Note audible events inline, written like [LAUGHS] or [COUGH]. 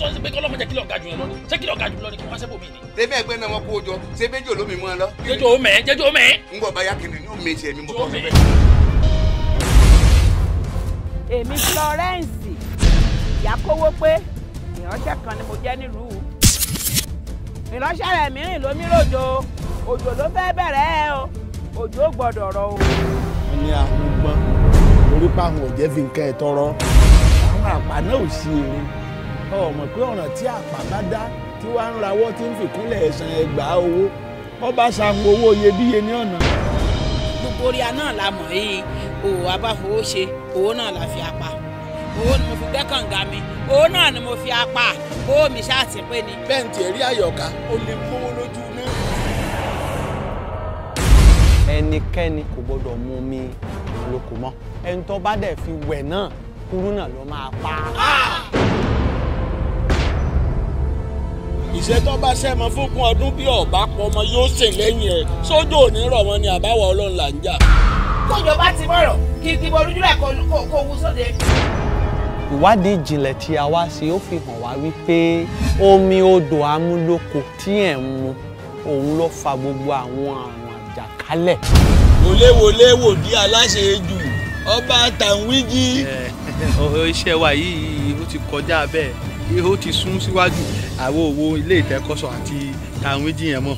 sọ pé kọ́lọ́mọ jẹ́ kílọ̀ gajù lọ ni ṣé kílọ̀ gajù lọ ni kí wọ́n ṣe bòmí ni. ṣebí ẹgbẹ́ náà wọn kó o jọ ṣé bẹ́jọ́ mọ́ ọ lọ. jẹjọ mẹ jẹjọ o mẹ. n gbọ́ bá yákìnì ní òun méjì ẹ̀mí mo kọ́ síbẹ̀. èmi Florence ìyá kówó pé ìránṣẹ́ kan ni mo jẹ́ nílùú ìránṣẹ́ rẹ̀ mìíràn lómi ròjò òjò ló fẹ́ bẹ̀rẹ̀ o òjò gbọ́dọ̀ rọ o. ní àhùn gbọ́n orí pàhùn òjẹ́ fi nǹkan ẹ̀ tọrọ àwọn àpá náà ò sí erin ọmọ pé ọ̀ràn tí àpàbá dá tí wàá ń rawọ́ tí ń fìkúnlẹ̀ ẹ̀sán ẹgbàá owó ọba sanwó owó iyebíye ní ọ̀nà. gbogbo orí aná la mọ̀ yìí òwò abáfowó ṣe owó náà la fi apá owó ni mo fi gbẹ́ kànga mi owó náà ni mo fi apá owó mi ṣáà ti pé ni. bẹ́ẹ̀ntì ẹ̀rí àyọ̀ká ó lè gbówó lójú iná. ẹnikẹ́ni kò gbọ́dọ̀ mú mi lóko mọ́ ẹni tó bá dẹ̀ fi wẹ̀ náà kúrú náà ló máa pa á. Ah! ìṣètò bá ṣẹ́mọ fógún ọdún bí ọ̀bá pọ̀ ọmọ yóò ṣe lẹ́yìn ẹ̀ sójú òní rọ̀ wọn ni àbáwọ̀ ọlọ́run là ń jà. tójọ bá ti mọ̀rọ̀ kí kí borújúlẹ̀ kó wu sóde. ìwádìí ìjìnlẹ̀ tí a wá sí ó fi hàn wá wípé omi odò amúlòkọ tí ẹ̀ ń mu òun ló fa gbogbo àwọn àrùn àjàkálẹ̀. wòléwòlé wòdí aláṣẹ jù ọba tàǹwíjì. [LAUGHS] iṣẹ́ wa yìí ó ti kọjá bẹ́ẹ̀ ihò ti sún síwájú àwọn òwò ilé ìtẹ́kọ́sọ àti tàwíjì yẹn mọ́.